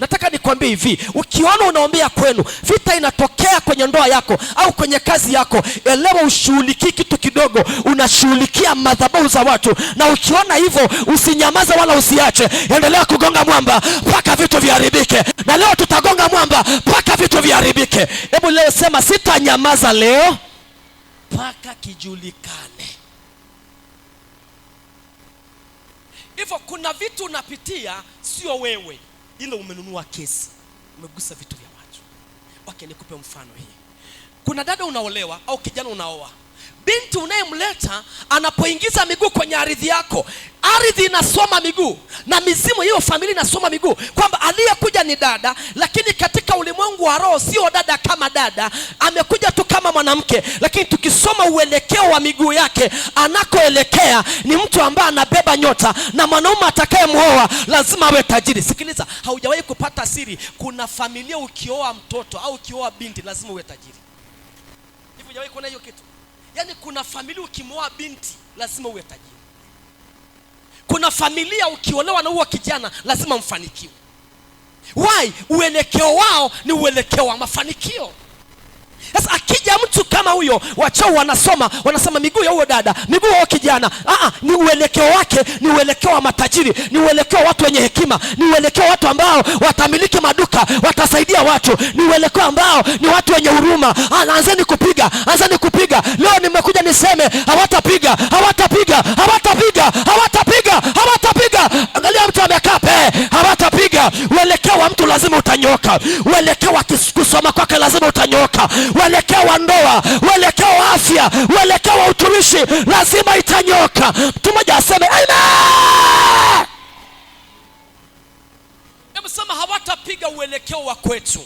Nataka nikwambie hivi, ukiona unaombea kwenu vita inatokea kwenye ndoa yako au kwenye kazi yako, elewa ushughulikii kitu kidogo, unashughulikia madhabahu za watu. Na ukiona hivyo, usinyamaze wala usiache, endelea kugonga mwamba mpaka vitu viharibike. Na leo tutagonga mwamba mpaka vitu viharibike. Hebu leo sema, sitanyamaza leo mpaka kijulikane. Hivyo kuna vitu unapitia, sio wewe ile umenunua kesi, umegusa vitu vya watu. Okay, nikupe mfano hii. Kuna dada unaolewa au kijana unaoa Binti unayemleta anapoingiza miguu kwenye ardhi yako, ardhi inasoma miguu na mizimu hiyo familia inasoma miguu, kwamba aliyekuja ni dada, lakini katika ulimwengu wa roho sio dada kama dada, amekuja tu kama mwanamke. Lakini tukisoma uelekeo wa miguu yake, anakoelekea ni mtu ambaye anabeba nyota, na mwanaume atakayemwoa lazima awe tajiri. Sikiliza, haujawahi kupata siri. Kuna familia ukioa mtoto au ukioa binti lazima uwe tajiri. Hivi hujawahi kuona hiyo kitu? Yaani kuna familia ukimwoa binti lazima uwe tajiri. Kuna familia ukiolewa na huo kijana lazima mfanikiwe. Why? Uelekeo wao ni uelekeo wa mafanikio. Sasa akija mtu kama huyo, wachau wanasoma wanasema miguu ya huyo dada, miguu yao kijana. Aa, ni uelekeo wake, ni uelekeo wa matajiri, ni uelekeo wa watu wenye hekima, ni uelekeo wa watu ambao watamiliki maduka, watasaidia watu, ni uelekeo ambao ni watu wenye huruma. Ah, anzeni kupiga, anzeni kupiga. Leo nimekuja niseme hawatapiga, hawatapiga, hawatapiga, hawatapiga. lazima utanyoka. Uelekeo wa kusoma kwake lazima utanyoka. Uelekeo wa ndoa, uelekeo wa afya, uelekeo wa utumishi lazima itanyoka. Mtu mmoja aseme Sema hawatapiga uelekeo wa kwetu.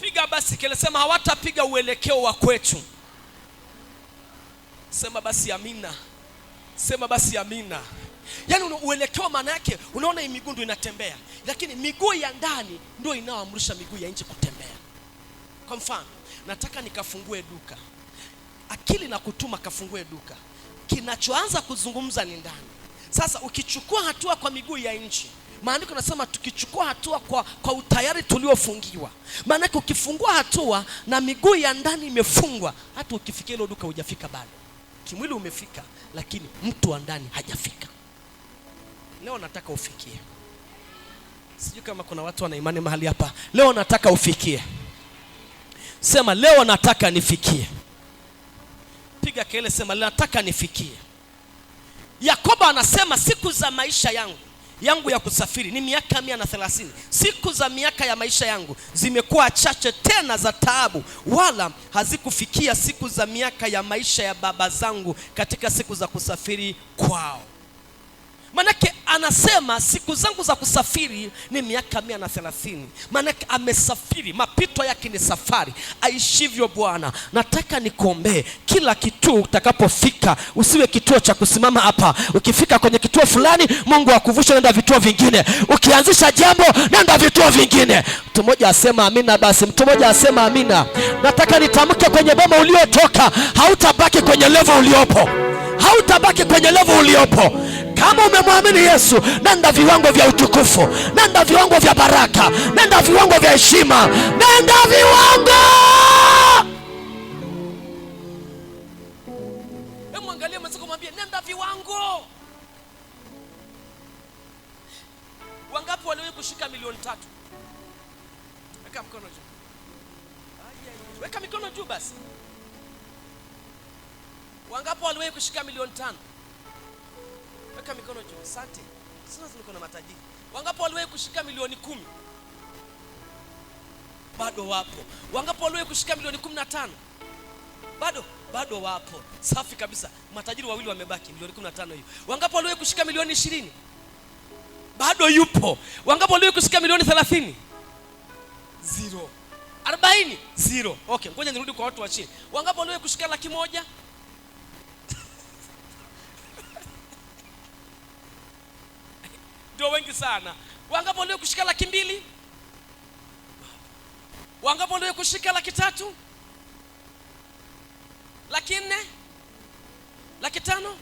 Piga basi kile, sema hawatapiga uelekeo wa kwetu. Sema basi amina, sema basi amina. Yaani uelekeo maana yake unaona hii miguu ndio inatembea, lakini miguu ya ndani ndio inaoamrisha miguu ya nje kutembea. Kwa mfano, nataka nikafungue duka, akili na kutuma kafungue duka, kinachoanza kuzungumza ni ndani. Sasa ukichukua hatua kwa miguu ya nje Maandiko nasema tukichukua hatua kwa, kwa utayari tuliofungiwa. Maanake ukifungua hatua na miguu ya ndani imefungwa, hata ukifikia hilo duka hujafika bado. Kimwili umefika, lakini mtu wa ndani hajafika. Leo nataka ufikie. Sijui kama kuna watu wana imani mahali hapa. Leo nataka ufikie. Sema leo nataka nifikie. Piga kelele, sema leo nataka nifikie. Yakobo anasema siku za maisha yangu yangu ya kusafiri ni miaka mia na thelathini. Siku za miaka ya maisha yangu zimekuwa chache tena za taabu, wala hazikufikia siku za miaka ya maisha ya baba zangu katika siku za kusafiri kwao. Manake anasema siku zangu za kusafiri ni miaka mia na thelathini. Manake amesafiri, mapito yake ni safari. Aishivyo Bwana, nataka nikuombee kila kituo utakapofika, usiwe kituo cha kusimama hapa. Ukifika kwenye kituo fulani, Mungu akuvushe, nenda vituo vingine. Ukianzisha jambo, nenda vituo vingine. Mtu mmoja asema amina. Basi mtu mmoja asema amina. Nataka nitamke kwenye boma uliotoka, hautabaki kwenye levo uliopo, hautabaki kwenye levo uliopo kama umemwamini Yesu, nenda viwango vya utukufu, nenda viwango vya baraka, nenda viwango vya heshima, nenda viwango. Hebu angalia mwenzako, mwambie nenda viwango. Wangapi waliwahi kushika milioni tatu? Weka mkono juu, weka mikono juu basi. Wangapi waliwahi kushika milioni tano? asante. Sasa niko na matajiri. Wangapo waliwahi kushika milioni kumi? Bado wapo. Wangapo waliwahi kushika milioni kumi na tano? Bado bado wapo. Safi kabisa, matajiri wawili wamebaki, milioni 15 hiyo. Wangapo waliwahi kushika milioni ishirini? Bado yupo. Wangapo waliwahi kushika milioni thelathini? Zero. Arobaini? Zero. Okay, ngoja nirudi kwa watu wa chini. Wangapo waliwahi kushika laki moja? ndio wengi sana. wangapo ndio kushika laki mbili? Wangapo ndio kushika laki tatu? Laki nne? Laki tano?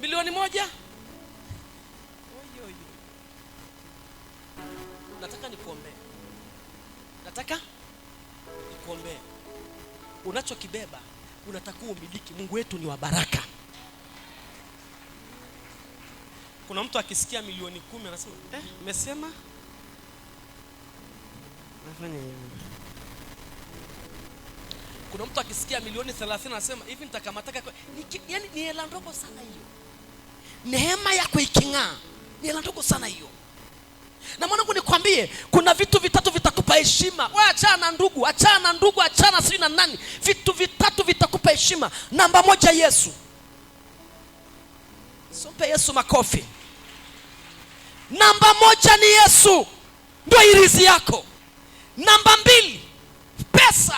Milioni moja? Oyoyo. Nataka nikuombee, nataka nikuombee. Unachokibeba unatakuwa umiliki. Mungu wetu ni wa baraka. Kuna mtu akisikia milioni kumi anasema eh, umesema nafanya hivi. Kuna mtu akisikia milioni 30 anasema hivi nitakamataka. Yani ni hela ndogo sana hiyo, neema yako iking'aa ni hela ndogo sana hiyo. Na mwanangu, nikwambie kuna vitu vitatu vitakupa heshima. Wewe achana na ndugu, achana na ndugu, achana sijui na nani. Vitu vitatu vitakupa heshima. Namba moja, Yesu. Sompe Yesu makofi. Namba moja ni Yesu, ndio irizi yako. Namba mbili pesa.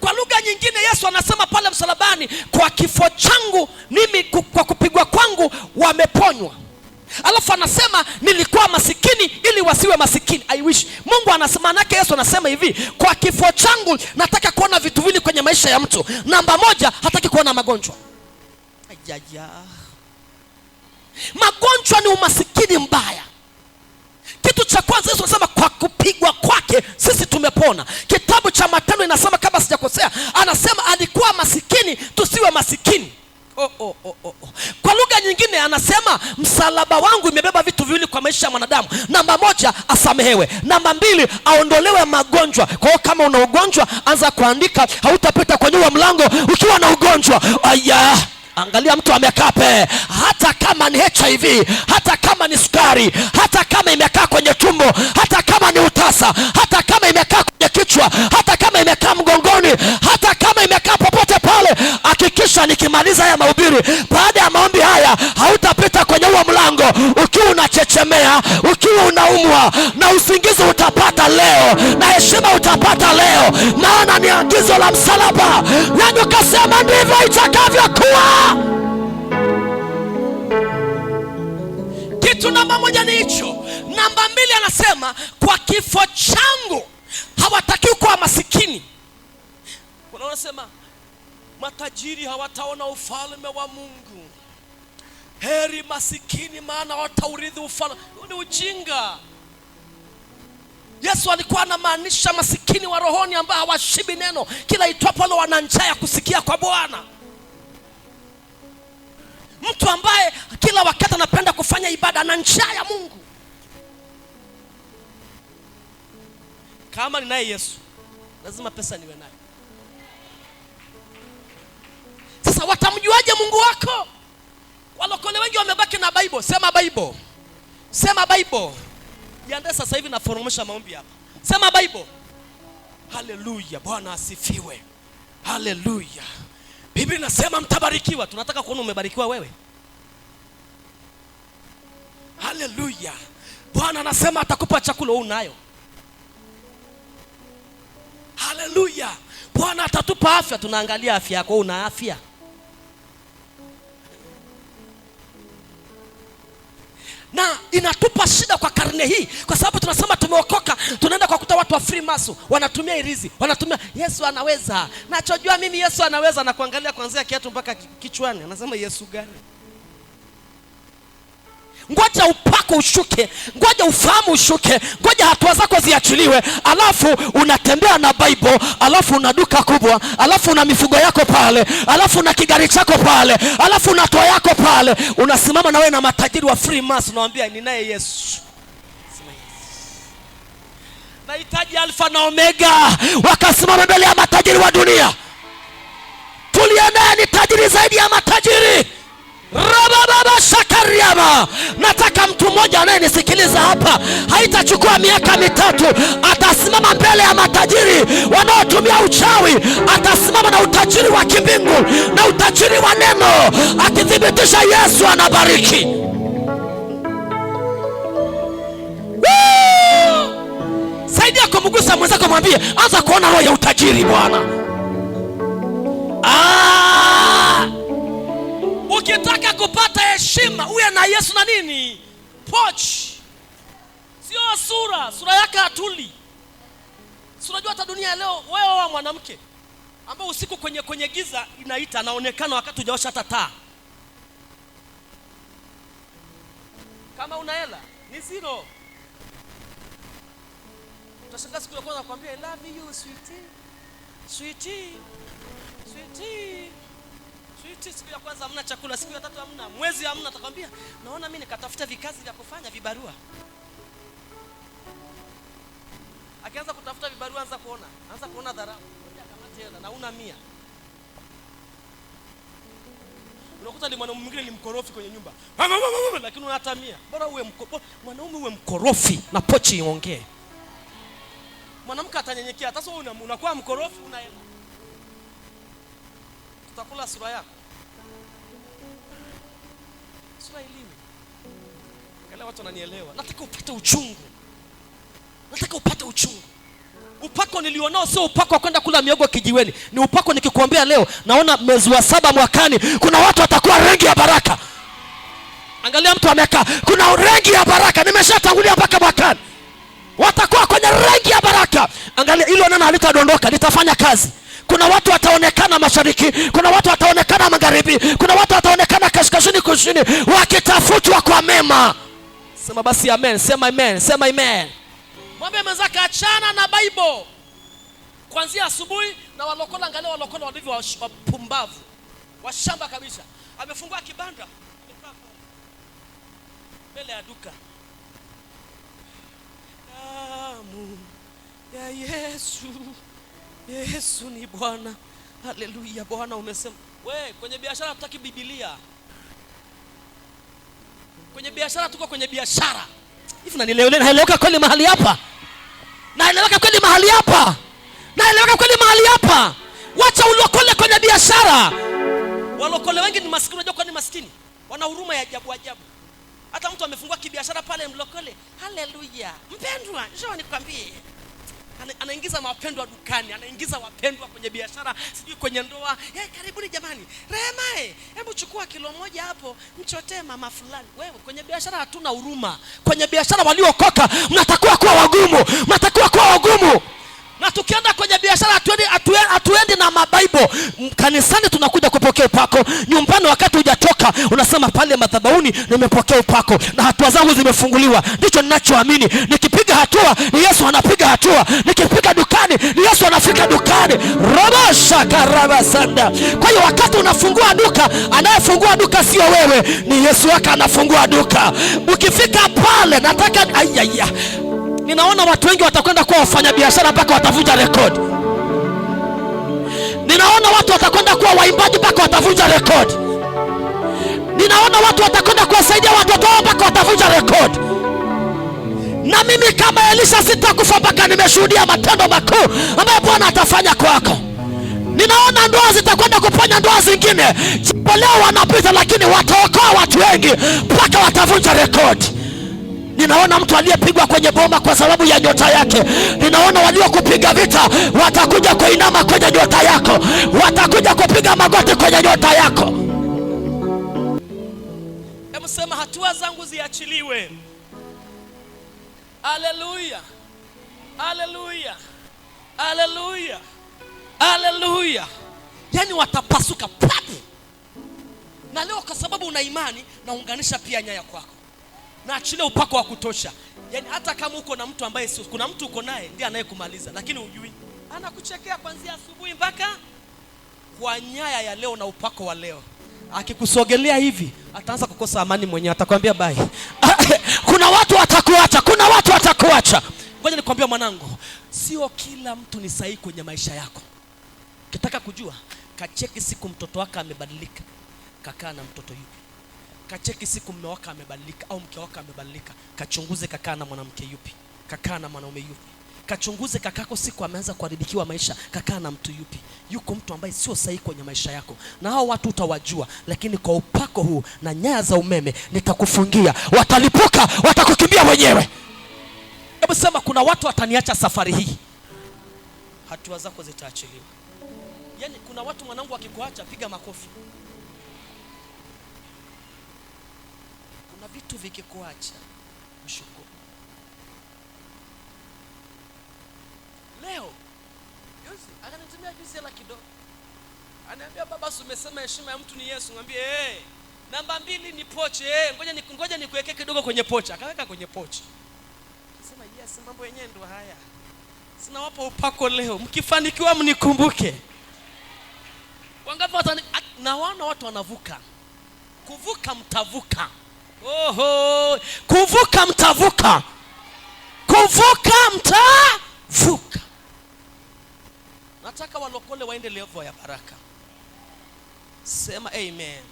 Kwa lugha nyingine Yesu anasema pale msalabani, kwa kifo changu mimi, kwa kupigwa kwangu wameponywa. Alafu anasema nilikuwa masikini ili wasiwe masikini maanake Yesu anasema hivi, kwa kifo changu nataka kuona vitu vili kwenye maisha ya mtu. Namba moja, hataki kuona magonjwa. Ajaja, Magonjwa ni umasikini mbaya. Kitu cha kwanza Yesu anasema kwa kupigwa kwake sisi tumepona. Kitabu cha Matendo inasema, kama sijakosea, anasema alikuwa masikini tusiwe masikini. Oh, oh, oh, oh, oh. Kwa lugha nyingine anasema msalaba wangu imebeba vitu viwili kwa maisha ya mwanadamu. Namba moja, asamehewe. Namba mbili, aondolewe magonjwa. Kwa hiyo kama una ugonjwa, anza kuandika, hautapita kwenye huo mlango ukiwa na ugonjwa. Aya, angalia mtu amekape, hata kama ni HIV, hata kama ni sukari, hata kama imekaa kwenye tumbo, hata kama ni utasa, hata kama imekaa kwenye kichwa, hata kama imekaa mgongoni, hata kama kwamba nikimaliza haya mahubiri, baada ya maombi haya, hautapita kwenye huo mlango ukiwa unachechemea, ukiwa unaumwa, na usingizi utapata leo na heshima utapata leo, maana ni agizo la msalaba, nani ukasema ndivyo itakavyokuwa. Kitu namba moja ni hicho. Namba mbili anasema kwa kifo changu hawatakiwi kuwa masikini. Unaona sema Matajiri hawataona ufalme wa Mungu, heri masikini, maana wataurithi ufalme. Ni ujinga. Yesu alikuwa anamaanisha masikini wa rohoni ambao hawashibi neno, kila itwapo leo wana njaa ya kusikia kwa Bwana. Mtu ambaye kila wakati anapenda kufanya ibada na njaa ya Mungu. Kama ninaye Yesu, lazima pesa niwe naye. sasa watamjuaje Mungu wako? Walokole wengi wamebaki na Bible. Sema Bible, sema Bible. Jiandae sasa hivi na maombi hapa. Sema Bible. Haleluya, Bwana asifiwe. Haleluya. Biblia inasema mtabarikiwa. Tunataka kuona umebarikiwa wewe. Haleluya. Bwana anasema atakupa chakula unayo. Haleluya. Bwana atatupa afya. Tunaangalia afya yako, una afya? na inatupa shida kwa karne hii, kwa sababu tunasema tumeokoka, tunaenda kwa kuta watu wa maso wanatumia irizi, wanatumia Yesu anaweza, nachojua mimi Yesu anaweza, na kuangalia kuanzia kiatu mpaka kichwani, anasema Yesu gani? Ngoja upako ushuke, ngoja ufahamu ushuke, ngoja hatua zako ziachiliwe, alafu unatembea na Bible, alafu una duka kubwa, alafu una mifugo yako pale, alafu una kigari chako pale, alafu una toa yako pale, unasimama na wewe na matajiri wa Freemason, unawambia ninaye Yesu nahitaji Alfa na Omega. Wakasimama mbele ya matajiri wa dunia, tuliye naye ni tajiri zaidi ya matajiri rabababa shakariama. Nataka mtu mmoja anayenisikiliza hapa, haitachukua miaka mitatu, atasimama mbele ya matajiri wanaotumia uchawi, atasimama na utajiri wa kimbingu na utajiri wa neno, akithibitisha Yesu anabariki. Saidia kumgusa mwenzako, mwambie anza kuona roho ya utajiri Bwana. Ah! Ukitaka kupata heshima uwe na Yesu na nini? poch sio sura, sura yake hatuli. Si unajua hata dunia leo, wewe wa mwanamke ambao usiku kwenye kwenye giza inaita, anaonekana wakati hujaosha hata taa. Kama una hela ni zero. Utashangaa siku ya kwanza kwambia I love you sweetie, sweetie, sweetie sisi siku ya kwanza hamna chakula, siku ya tatu hamna, mwezi hamna. Atakwambia naona mimi nikatafuta vikazi vya kufanya vibarua. Akianza kutafuta vibarua, anza kuona anza kuona dharau, Akamata hela na una mia. Unakuta ni mwanaume mwingine ni mkorofi kwenye nyumba, lakini una hata mia. Bora uwe mwanaume uwe mkorofi na pochi iongee, mwanamke atanyenyekea. Sasa unakuwa mkorofi, una hela utakula sura yako. Sura ilini Angalia watu wananielewa. Nataka upate uchungu. Nataka upate uchungu. Upako nilionao sio upako wa kwenda kula miogo kijiweni, ni upako nikikuambia leo, naona mwezi wa saba mwakani kuna watu watakuwa rengi ya baraka. Angalia mtu amekaa, kuna rengi ya baraka, nimeshatangulia mpaka mwakani watakuwa kwenye rengi ya baraka. Angalia ilo neno halitadondoka, litafanya kazi. Kuna watu wataonekana mashariki, kuna watu wataonekana magharibi, kuna watu wataonekana kaskazini, kusini, wakitafutwa kwa mema. Sema basi amen, sema amen, sema amen. Mwambie mwenzake achana na Bible kuanzia asubuhi na walokola. Angalia walokola walivyo wapumbavu, washamba kabisa. Amefungua kibanda mbele ya duka. Damu ya Yesu Yesu ni Bwana. Haleluya. Bwana umesema we, kwenye biashara hatutaki Biblia. Kwenye biashara tuko kwenye biashara hivi. na nileo leo Naeleweka kweli mahali hapa? Naeleweka kweli mahali hapa? Naeleweka kweli mahali hapa? Wacha ulokole kwenye biashara. Walokole wengi ni maskini. Unajua kwa nini maskini? Wana huruma ya ajabu ajabu. Hata mtu amefungua kibiashara pale, mlokole. Haleluya mpendwa, njoo nikwambie anaingiza mapendwa dukani, anaingiza wapendwa kwenye biashara, sijui kwenye ndoa. Hey, karibuni jamani. Rehema, eh, hebu chukua kilo moja hapo mchotee mama fulani. Wewe kwenye biashara hatuna huruma. Kwenye biashara waliokoka mnatakiwa kuwa wagumu, mnatakiwa kuwa wagumu, na tukienda kwenye biashara hatuendi na mabaibo kanisani, tunakuja kupokea upako. Nyumbani wakati hujatoka unasema pale madhabauni nimepokea upako na hatua zangu zimefunguliwa. Ndicho ninachoamini. Nikipiga hatua ni Yesu anapiga hatua, nikipiga dukani ni Yesu anafika dukani. robosha karabasanda. Kwa hiyo wakati unafungua duka, anayefungua duka sio wewe, ni Yesu wake anafungua duka. Ukifika pale nataka ayaya Ninaona watu wengi watakwenda kuwa wafanyabiashara mpaka watavuja rekodi. Ninaona watu watakwenda kuwa waimbaji mpaka watavunja rekodi. Ninaona watu watakwenda kuwasaidia watoto wao mpaka watavunja rekodi. Na mimi kama Elisha sitakufa mpaka nimeshuhudia matendo makuu ambayo Bwana atafanya kwako. Ninaona ndoa zitakwenda kuponya ndoa zingine, japo leo wanapita, lakini wataokoa watu wengi mpaka watavunja rekodi. Ninaona mtu aliyepigwa kwenye boma kwa sababu ya nyota yake. Ninaona waliokupiga vita watakuja kuinama kwenye nyota yako, watakuja kupiga magoti kwenye nyota yako. Hebu sema, hatua zangu ziachiliwe. Aleluya, aleluya, aleluya, aleluya! Yani watapasuka papu. Na leo kwa sababu una imani, naunganisha pia nyaya kwako na upako wa kutosha. Yaani hata kama uko na mtu ambaye kuna mtu uko naye ndiye anayekumaliza, lakini hujui anakuchekea kuanzia asubuhi mpaka kwa nyaya ya leo na upako wa leo. Akikusogelea hivi ataanza kukosa amani mwenyewe, atakwambia bye. Kuna watu watakuacha, kuna watu watakuacha. Ngoja nikwambia mwanangu, sio kila mtu ni sahihi kwenye maisha yako. Ukitaka kujua, kacheki siku mtoto wako amebadilika, kakaa na mtoto yupi kacheki siku mme wako amebadilika au mke wako amebadilika, kachunguze kakaa na mwanamke yupi, kakaa na mwanaume yupi. Kachunguze kakako siku ameanza kuharibikiwa maisha, kakaa na mtu yupi. Yuko mtu ambaye sio sahihi kwenye maisha yako, na hao watu utawajua. Lakini kwa upako huu na nyaya za umeme nitakufungia, watalipuka, watakukimbia wenyewe. Hebu sema, kuna watu wataniacha safari hii, hatua zako zitaachiliwa. Yani kuna watu mwanangu, akikuacha piga makofi. kuna vitu vikikuacha, mshukuru. Leo juzi akanitumia juzi hela kidogo, anaambia baba, si umesema heshima ya mtu ni Yesu. Ngambie eh, hey, namba mbili ni poche eh, hey, ngoja ngoja nikuwekee kidogo kwenye poche. Akaweka kwenye poche, sema yes, mambo yenyewe ndo haya. Sina wapo upako leo, mkifanikiwa mnikumbuke. Wangapi na wana watu wanavuka kuvuka, mtavuka. Oho, kuvuka mtavuka, kuvuka mtavuka. Nataka walokole waende levo ya baraka. Sema amen.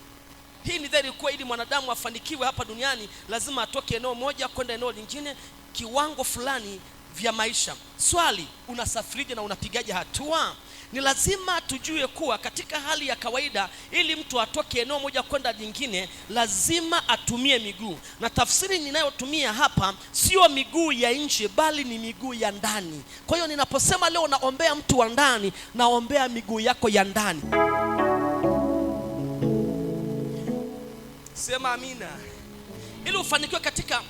Hii ni dhahiri kuwa ili mwanadamu afanikiwe hapa duniani lazima atoke eneo moja kwenda eneo lingine, kiwango fulani vya maisha. Swali, unasafirije na unapigaje hatua? Ni lazima tujue kuwa katika hali ya kawaida, ili mtu atoke eneo moja kwenda jingine, lazima atumie miguu, na tafsiri ninayotumia hapa sio miguu ya nje, bali ni miguu ya ndani. Kwa hiyo ninaposema leo naombea mtu wa ndani, naombea miguu yako ya ndani. Sema amina, ili ufanikiwe katika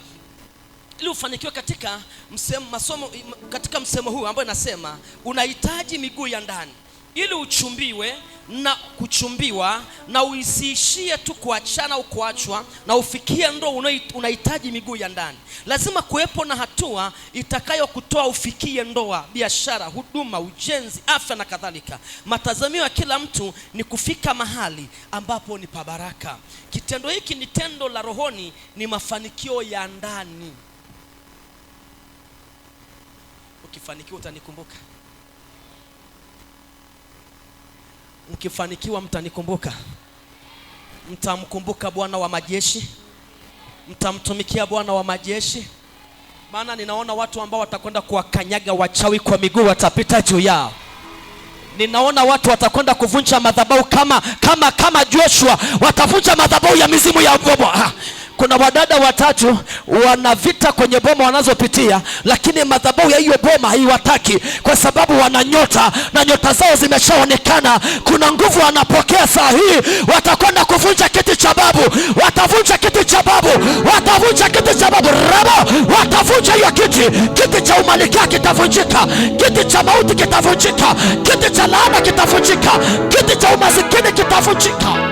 ili ufanikiwe katika msemo, masomo, katika msemo huu ambayo inasema unahitaji miguu ya ndani ili uchumbiwe na kuchumbiwa na usiishie tu kuachana au kuachwa na ufikie ndoa. Unahitaji miguu ya ndani, lazima kuwepo na hatua itakayokutoa ufikie ndoa, biashara, huduma, ujenzi, afya na kadhalika. Matazamio ya kila mtu ni kufika mahali ambapo ni pabaraka. Kitendo hiki ni tendo la rohoni, ni mafanikio ya ndani ukifanikiwa utanikumbuka, mkifanikiwa mtanikumbuka, mtamkumbuka Bwana wa majeshi, mtamtumikia Bwana wa majeshi. Maana ninaona watu ambao watakwenda kuwakanyaga wachawi kwa miguu watapita juu yao. Ninaona watu watakwenda kuvunja madhabahu kama kama kama Joshua watavunja madhabahu ya mizimu ya Gomora. Kuna wadada watatu wana vita kwenye boma wanazopitia, lakini madhabahu ya hiyo boma haiwataki kwa sababu wana nyota na nyota zao zimeshaonekana. Kuna nguvu wanapokea saa hii, watakwenda kuvunja kiti cha babu, watavunja kiti cha babu, watavunja kiti cha babu rabo, watavunja hiyo kiti. Kiti cha umalikia kitavunjika, kiti cha mauti kitavunjika, kiti cha laana kitavunjika, kiti cha umasikini kitavunjika.